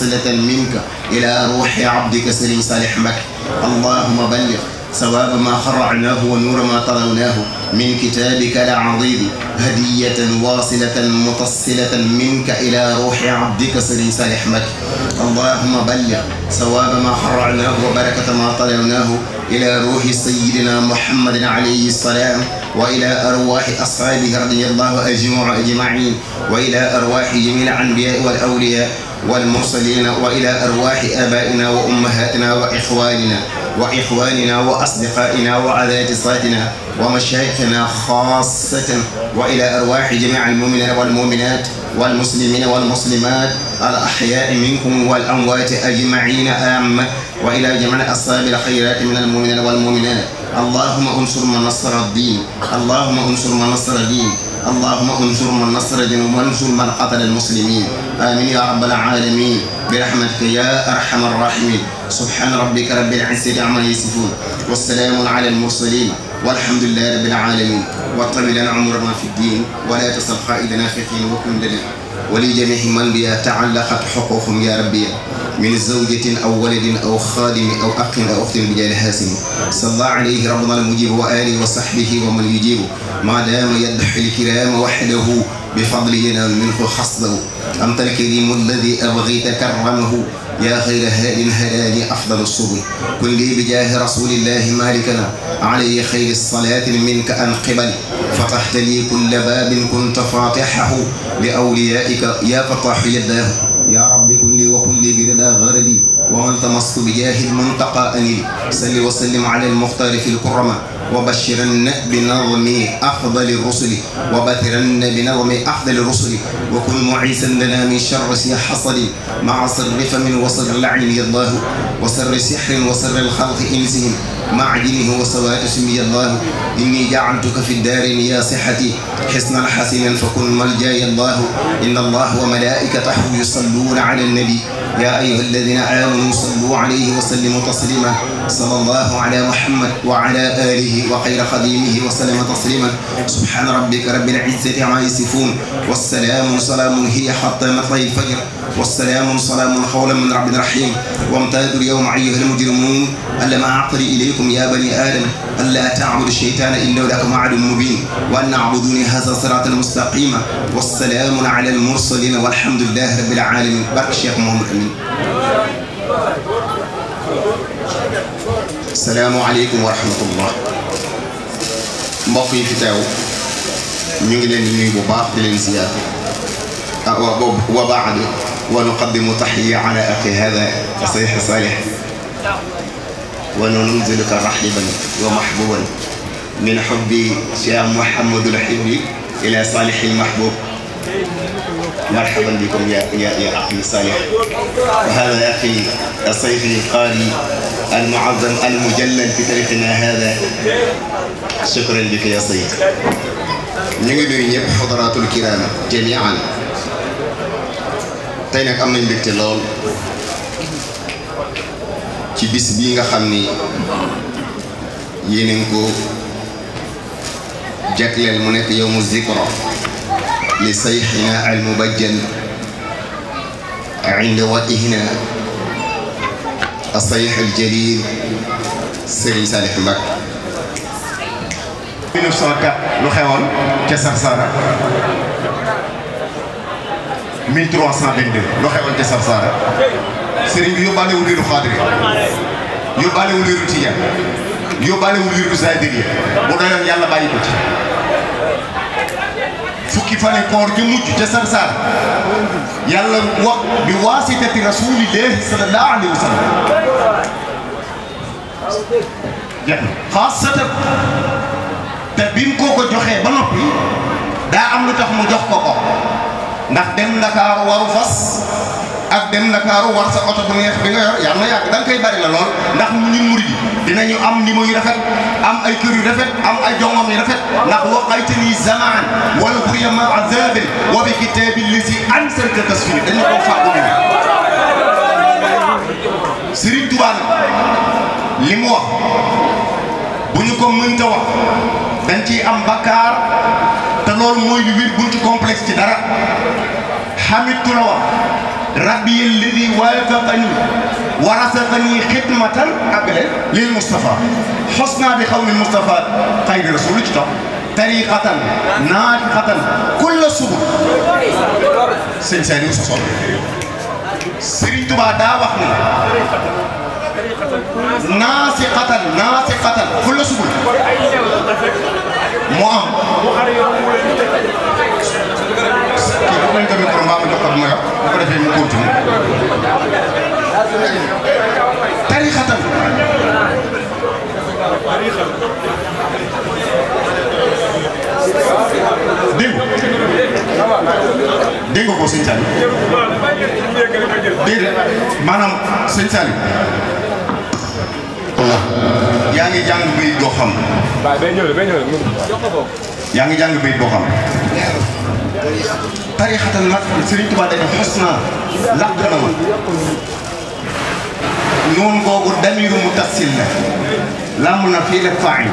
واصلة منك إلى روح عبدك سليم صالح مك اللهم بلغ ثواب ما خرعناه ونور ما طلوناه من كتابك العظيم هدية واصلة متصلة منك إلى روح عبدك سليم صالح مك اللهم بلغ ثواب ما خرعناه وبركة ما طلوناه إلى روح سيدنا محمد عليه السلام وإلى أرواح أصحابه رضي الله أجمع أجمعين وإلى أرواح جميع الأنبياء والأولياء والمرسلين وإلى أرواح آبائنا وأمهاتنا وإخواننا وإخواننا وأصدقائنا وعلاتصاتنا ومشايخنا خاصة وإلى أرواح جميع المؤمنين والمؤمنات والمسلمين والمسلمات الأحياء منكم والأموات أجمعين آمة وإلى جميع أصحاب الخيرات من المؤمنين والمؤمنات اللهم انصر من نصر الدين اللهم انصر من نصر الدين اللهم انصر من نصر وانصر من قتل المسلمين آمين يا رب العالمين برحمتك يا أرحم الراحمين سبحان ربك رب العزة عما يصفون والسلام على المرسلين والحمد لله رب العالمين وطمئن لنا عمرنا في الدين ولا تسل قائدنا في الدين وكن لنا ولجميع من بها تعلقت حقوقهم يا ربي من زوجة أو ولد أو خادم أو أخ أو أخت بجاه الحاسم صلى عليه ربنا المجيب وآله وصحبه ومن يجيب ما دام يدحي الكرام وحده بفضل ينال منه خصده أنت الكريم الذي أبغيت كرمه يا خير هاد هلال أفضل السبل كن لي بجاه رسول الله مالكنا عليه خير الصلاة منك أن قبل فتحت لي كل باب كنت فاتحه لأوليائك يا فتاح يداه يا رب كل وكل برضا غردي ومن تمص بجاه المنطقه اني صل وسلم على المختار في الكرماء وبشرن بنظم أفضل الرسل وبثرن بنظم أفضل الرسل وكن معيسا لنا من شر حصل مع سر فم وسر لعن الله وسر سحر وسر الخلق إنسهم مع دينه وسوات سمي الله إني جعلتك في الدار يا صحتي حسنا حسنا فكن ملجا يا الله إن الله وملائكته يصلون على النبي يا أيها الذين آمنوا صلوا عليه وسلموا تسليما صلى الله على محمد وعلى آله وخير خديمه وسلم تسليما سبحان ربك رب العزة عما يصفون والسلام سلام هي حتى مطلع الفجر والسلام سلام قولا من رب رحيم وامتازوا اليوم أيها المجرمون ما أعقل إليكم يا بني آدم ألا تعبد الشيطان إنه لكم عدو مبين وأن اعبدوني هذا صراط المستقيم والسلام على المرسلين والحمد لله رب العالمين بارك الشيخ محمد أمين السلام عليكم ورحمة الله. مبقي فتاو نجلن نجيب بعض الزيارة. وبوب وبعد ونقدم تحية على أخي هذا صيح صالح. وننزلك رحبا ومحبوبا من حب شام محمد الحبي إلى صالح المحبوب. مرحبا بكم يا يا يا أخي صالح. وهذا يا أخي صيفي قاري المعظم المجلل في تاريخنا هذا شكرا لك يا صيد نيو نيو حضرات الكرام جميعا تاي نك امنا نبيكت لول تي بيس بيغا خامني يينينكو جاكلل مو يوم الذكرى لصيحنا المبجل عند وقتنا الصيح الجليل سيدي صالح مك في نفس الوقت نخيوان كسر سارة 1322 نخيوان كسر سارة سيري يوبالي ولي الخادري يوبالي ولي الرتيا يوبالي ولي الرزايدية ونعيان يالا بايكوتي fukki fane koor ju mujj ca Sarsara yàlla wax bi waasitati rasulillahi sallallahu alayhi wa sallam jeex na xaasata te bi mu ko ko joxee ba noppi daa am lu tax mu jox ko ko ndax dem Ndakaaru fas ak dem Ndakaaru war sa oto bu neex bi nga yor yal na yàgg da koy bari la lool ndax ñun murid yi dinañu am ni moy rafet am ay kër yu rafet am ay jongom yu rafet ndax waqaytani zamaan wal hurriya ma azabin wa bi kitaabi lisi an sarka tasfini dañu ko fàggu ñu Serigne Touba li mu wax bu ñu ko mënta wax dañ ciy am bakkaar te loolu mooy lu wér buñ ci complexe ci dara xamit ku la ربي الذي وافقني ورزقني خدمة قبل للمصطفى حسنا بقول المصطفى خير رسول كتاب طريقة ناطقة كل الصبر سنساني وصصور وصول سري تبا دا وحنا ناسقة ناسقة كل الصبر مؤمن jox nañ ko micro mbaa ma jox ko bu ma yor bu yaa ngi jàng bay doo yaa ngi jàng bay doo tarixatan mat Serigne Touba dañu xas naa làq na ma noonu googu damiru mu tassil la làmb na fii la faañ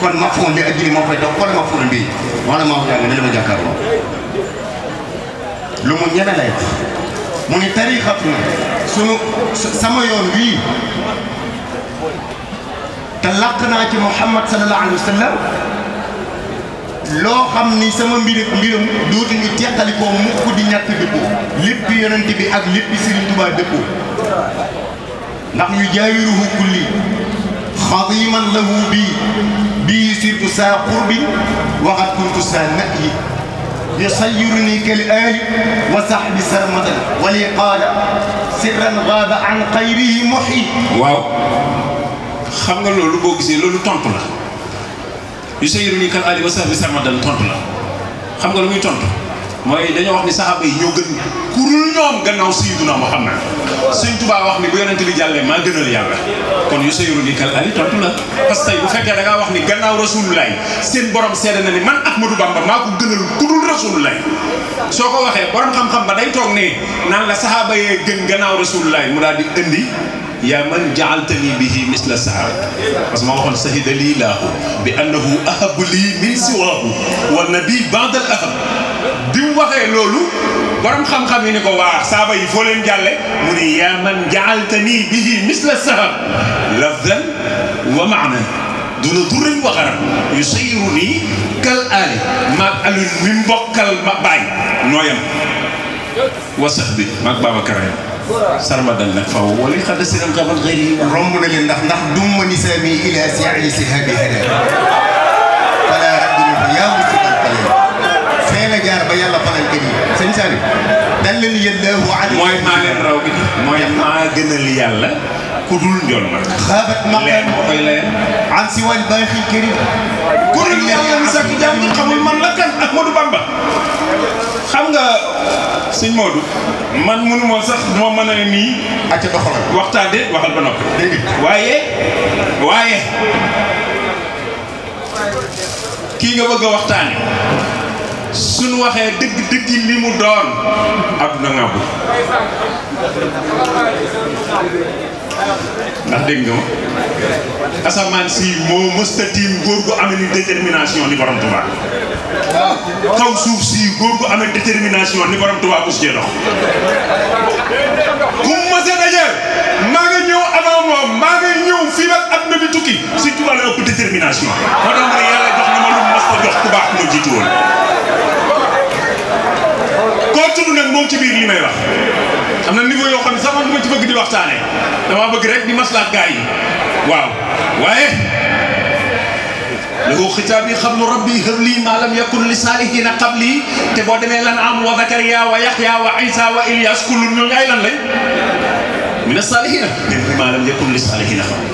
kon ma foon bi ak jiri moo fay dox ma foon bi wala maa jàng ne la ma jàkkaarloo lu mu ñeme lay mu ni tarixatun sunu sama yoon wii te làq naa ci Muhammad sallallahu alayhi wa sallam loo xam ni sama mbiri mbiram dootuñu teqalikoo mukk di ñàkk dëppoo lépp yonent bi ak lépp Sëriñ Tuubaa dëppoo ndax yu jaawiruhu kulli xadiman lahu bii bii sirtu saa xurbi waxat kuntu saa nat yi يصيرني كالآل وصحب سرمدا ولي قال سرا غاب عن غيره محي واو xam nga loolu boo gisee loolu tontu la yu sa yëru nii kal ali wa sahbi sarmadan tontu la xam nga lu muy tontu mooy dañoo wax ni saxaaba yi ñoo gën kurul ñoom gannaaw sayyiduna Muhammad Sëñ Tuubaa wax ni bu yonent bi jàllee maa gënal yàlla kon yu sa yëru nii kal ali tontu la parce que bu fekkee dangaa wax ni gannaaw rasulullaay seen borom seede na ni man Ahmadou Bamba maa ko gënal kurul rasulullaay soo ko waxee borom xam-xam ba day toog ne naan la saxaaba yee gën gannaaw rasulullaay mu daal di indi يا من جعلتني به مثل سعد بس ما أقول سهد لي له بأنه أهب لي من سواه والنبي بعد الأهب دي وخي لولو برم خم خم ينكو واخ سابا يفولين جالة مني يا من جعلتني به مثل سعد لفظا ومعنى دون دور وغر يسيرني كالآلي ما ألو من بقل مقبعي نويم وصحبي مقبع وكرايم sarmadal nag faw wala xada siran qabal xëy romb na leen ndax ndax dumma nisaami ila siyaani sihaabi hada fala rabbina fa yaa musiqal qalil fee la jaar ba yàlla fanal kër yi sëñ Sali dal leen yallahu ala mooy maa leen raw bi mooy maa gënal yàlla ku dul njoon ma xaabat maqam leen moo koy leen an siwal baaxi karim murid yàlla yàlla mi sàkk jàmm xamul man la kan Ahmadou Bamba xam nga sëñ Modou man mënu ma sax duma mën a ne nii acca doxalal waxtaan de waxal ba noppi waaye waaye kii nga bëgg a waxtaane suñ waxee mu doon àdduna ndax dégg nga ma asamaan si moo mësta góor gu amee ni ni borom Tuubaa kaw suuf si góor gu amee détermination maa nga ñëw avant moom maa nga ñëw fii ba àdduna bi tukki si Tuubaa la ëpp détermination moo tax ma yàlla jox na ma lu mësta jox ku baax jiitu woon koo tudd nag moom ci biir li may wax am na niveau yoo xam ne sax man du ma ci bëgg di waxtaane dama bëgg rek di maslaat gaa yi waaw waaye lahu xitaabi xablu rabbi habli maa lam yakun li saalihina qabli te boo demee lan am wa zakariya wa yaxya wa isa wa ilyas kullu ñooñu ay lan lañ min as saalihina maa lam yakun li saalihina qabli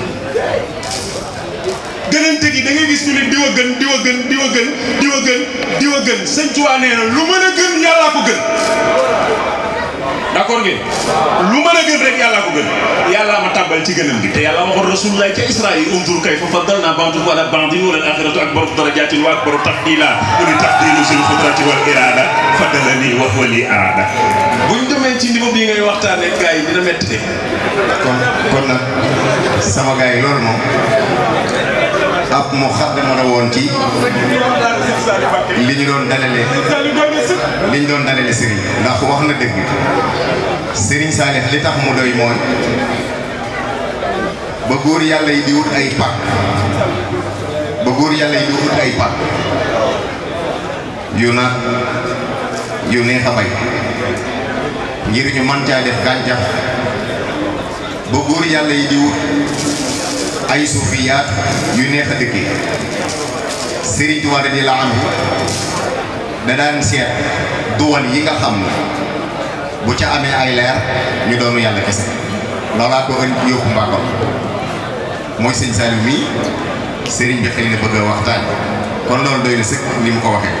gënante gi da nga gis ni ne diwa gën diwa gën diwa gën diwa gën diwa gën sëñ Tuubaa nee na lu meuna gën yalla ko gën d'accord ngeen lu meuna gën rek yalla ko gën yalla ma tabal ci gënal gi te yalla wax rasulullah ci israël un kay kayfa fadalna naa wala bandin wala akhiratu akbar borom darajatin wa akbar taqdila ni taqdilu sil xudrati wal irada fadalani wa huwa li arada buñ demé ci niveau bi ngay waxtane gaay dina metti kon kon sama gaay lor mom ab mu xaddama la woon ci li ñu doon dalale li doon dalale sëriñ ndax wax na dëgg sëriñ Saalix li tax mu doy mooy ba góor yàlla yi di ay pàkk ba góor yàlla ay pàkk yu naat yu neex a bay ngir ñu man caa def gàncax ba góor yàlla yi di ay sufiya yu neex deug serigne touba Tuubaa radiyallaahu anhu da dan set duwal yi nga xam bu ca amé ay lèr ñu doonu yalla kess lola ko yu ko mbàkkam moy serigne Saliou mi serigne bi xeyna bëgg waxtaan kon lool doyna sekk ni mu ko waxee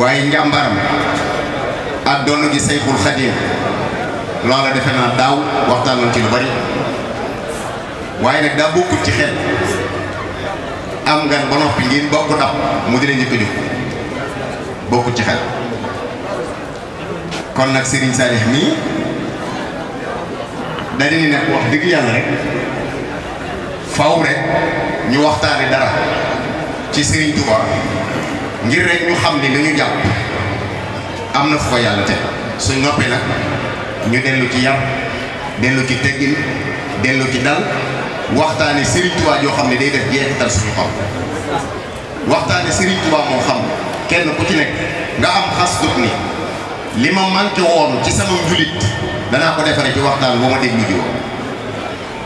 waye njambaram ak gi Sayxul khadim lola defena daw daaw ci lu bari waye nak da bokkul ci xel am ngan ba noppi ngeen bokku nap mu di la njëkk jóg bokkul ci xel kon nak Serigne Saliou mii dañu ne nag wax deug yalla rek faaw rek ñu waxtaane dara ci Serigne Touba ngir rek ñu xam ni li ñu jàpp am na te suñu noppi nak ñu delu ci yam delu ci teggin delu ci dal waxtane Serigne Touba jo xamne day def jeexital suñu xam waxtane Serigne Touba mo xam kenn ku ci nek nga am xas dut ni lima ma manqué woon ci sama julit dana ko defare ci waxtaan ba ma déglu ji woon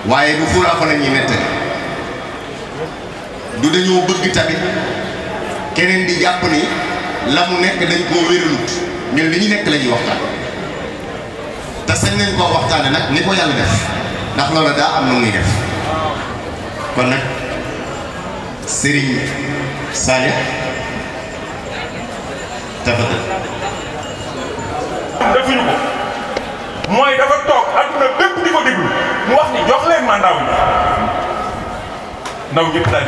waaye du furaa fa lañuy metté du dañu bëgg tamit keneen di japp ni lamu nek dañ ko wërulut ñun li ñu nekk la ñuy waxtaan sañ nañ ko waxtane nak ni ko yàlla def ndax loola da am nu muy def kon nag Serigne Salih tafadal defuñu ko mooy dafa toog adduna bépp di ko déglu mu wax ni jox leen ma ndaw ndaw ñëpp daal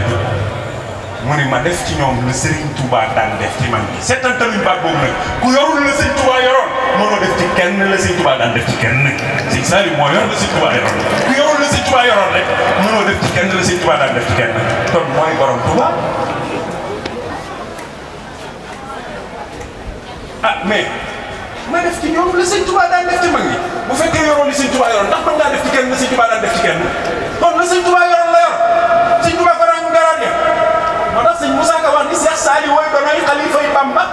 mu ne ma def ci ñoom la Serigne Touba daan def ci man bi settantaluñ baat boobu nag ku yorul la Serigne Touba yoroon mënoo def ci kenn la Serigne Touba daan def ci kenn nag Serigne moo yor la Serigne Touba yoroon si Sëñ Tuubaa yoroon rek mënoo def ci kenn la Sëñ Tuubaa daan def ci kenn mooy borom Tuubaa ah mais ma def ci ñoom la Sëñ Tuubaa daan def ci mag ñi yoroon li Sëñ Tuubaa yoroon ndax mën ngaa def la Sëñ Tuubaa daan def ci kenn la Sëñ Tuubaa yoroon la yor Sëñ Tuubaa ko ràññu garaat ya moo tax Sëñ Moussa Ka wax ni Seex Saali wooy donoy xalifa yi Bamba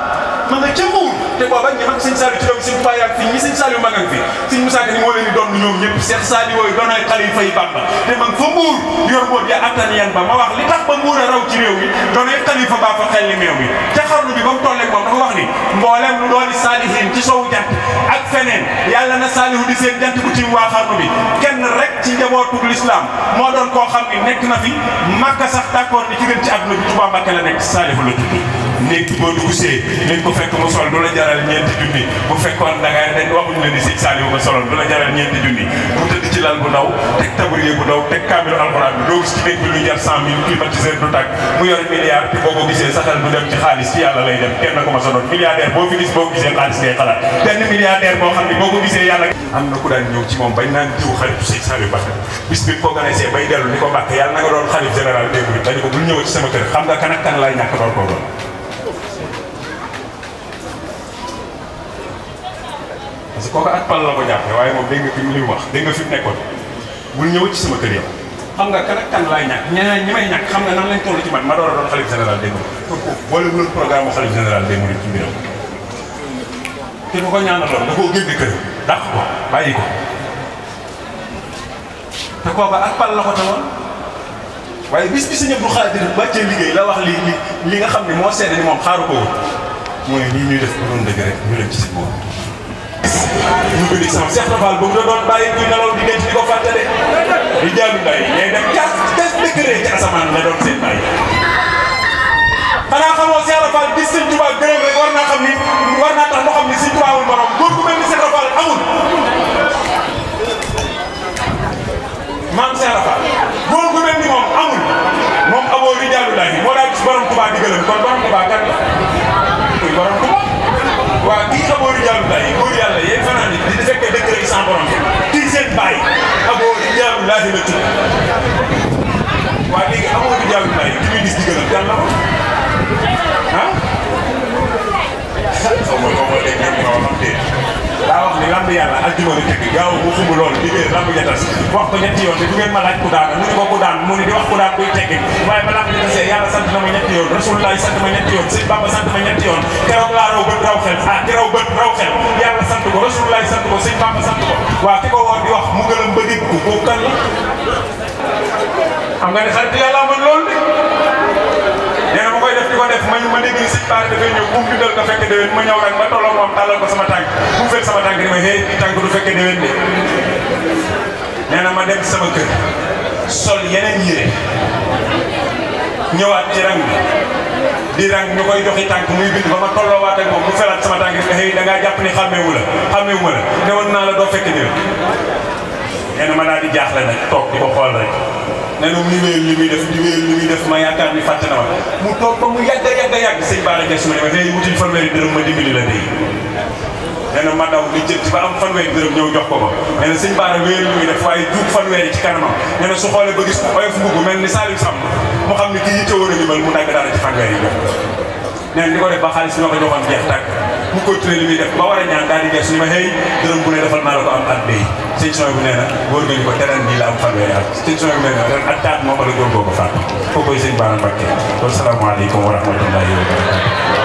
ma a ca Mbuur te booba ñi mag sëñ Saliou ci doom sëñ Tuubaa yaa ngi fi ñi sëñ Saliou mag ak fi sëñ Moussa Ka ni moo leen di doon ñoom ñëpp Cheikh Saliou yooyu doonay xalifa yi te ma nga Mbuur yor boot ya attan ba ma wax li tax ba Mbuur a raw ci réew mi doonay xalifa baa fa xel li meew mi te xarnu bi ba mu tolleeg moom dafa wax ni mboolem lu dooni saalihiin ci sowu jant ak feneen yàlla na Saliou di seen jant bu tiim waa xarnu bi kenn rek ci njabootug lislaam moo doon koo xam ni nekk na fi Makka sax d'accord ci gën ci àdduna bi Tuubaa nek bo dugusé nek ko fekk mo sol du la jaral ñent jundi bu fekkon da ngay dañ waxu la ni sëñ Saliou ma sol du la jaral ñent jundi bu tëdd ci lal bu ndaw teg tabouret bu ndaw tek kaamilu alcorane do ci nek lu jar cent mille climatiseur du tak mu yor milliard ci boko gisé gisee saxal bu dem ci xaliss ci yalla lay dem kenn ko ma sonoon milliardaire bo fi gis bo gisé xaliss ngay xalaat milliardaire bo xamni boko gisé yalla am na ku daan ñew ci moom bañ naan diw xalifu sëñ Saliou Bakka bis bi ko sé bay delu liko ko yalla nga doon xalif général dégg bi ko bu ñew ci sama kër xam nga kan ak kan lay ñak doon ko parce que kooku ak pal la ko jàppe waaye moom dégg nga fi mu li wax dégg nga fi mu nekkoon bul ñëw ci sama kër yow xam nga kan ak kan laay ñàkk ñeneen ñi may ñàkk xam nga nan lañ toll ci man ma door a doon xalif général des mourides pour boole bu doon programme xalif général ko ñaanaloon da koo génn kër ko bàyyi ko te kooku ak pal la ko tawoon waaye bis bi sëñ Abdou Khadir bàccee liggéey la wax li li li nga xam ne moo seede moom xaaru ko woon mooy nii ñuy def bu doon dëgg rek ñu si ñu ko di sama Cheikh Rafal ba mu doon bàyyi kuy nelaw di denc di ko fàttale di jaalu mbay mais nag cas cas dëgg ci asamaan la doon seen bàyyi. xanaa xamoo Cheikh Rafal bi Sëñ Tuubaa gërëm rek war naa xam ni war naa tax loo xam ni Sëñ Tuubaa amul morom góor gu mel ni Cheikh Rafal amul. maam Cheikh Rafal góor gu mel ni moom amul moom aboo di jaalu laay moo daa gis borom Tuubaa di gërëm kon borom Tuubaa kan la. yàlla aljuma di teg gaaw bu sumb loolu liggéey lamb ja tas wax ko ñetti yoon te du ngeen ma laaj ku daan mu ne ko ku daan mu ne di wax ku daan kuy teggi waaye ba lamb ja tasee yàlla sant na ma ñetti yoon rasulullah sant ma ñetti yoon sëñ Bamba sant ma ñetti yoon keroog laa raw bët raw xel ah keroog bët raw xel yàlla sant ko rasulullah sant ko sëñ Bamba sant ko waaw ki ko woon di wax mu gëlëm ba dégg ko kooku kan la xam nga ne xarit yàlla man loolu de ko def ma na ma dem sama kër sol yeneen yére ñëwaat ci rang bi di rang ñu koy joxi tànk muy bind ba ma tolloowaat ak moom bu felaat sama tànk ni ma xëy da ngaa jàpp ni xàmmeewu la xàmmeewu la naa la doo fekk déwén nee ma daal di jaaxle toog di ko xool rek ne la muy wéyal li muy def li wéyal li muy def ma yaakaar ni fàtte na ma mu toog ba mu yàgg a yàgg a yàgg sëñ Ba la gëstu ma ne ma ma dimbali la dee. nee na ma daw li jël ci ba am fanweeri dërëm ñëw jox ko ba nee na sëñ Baara wéyal muy def waaye duub fanweeri ci kanamam nee na su xoolee ba gis oyof mbubb mel ni Saliou Samb mu xam ne kii yittewoo na a mel mu dagg dara ci fanweeri yi nee di ko def ba xaalis ñoo ko joxoon jeex tàkk mu continuer li muy def ba war a ñaan daal di gees ni ma xëy dërëm bu ne defal naa la ko am at day sëñ sooy bu nee na wóor nga ñu ko teraan bii la am fanweeri at sëñ sooy bu nee na ren at taat moom la góor boo ko fàtt kookoy sëñ Baara Mbacke kon salaamaaleykum wa rahmatullahi wa barakatu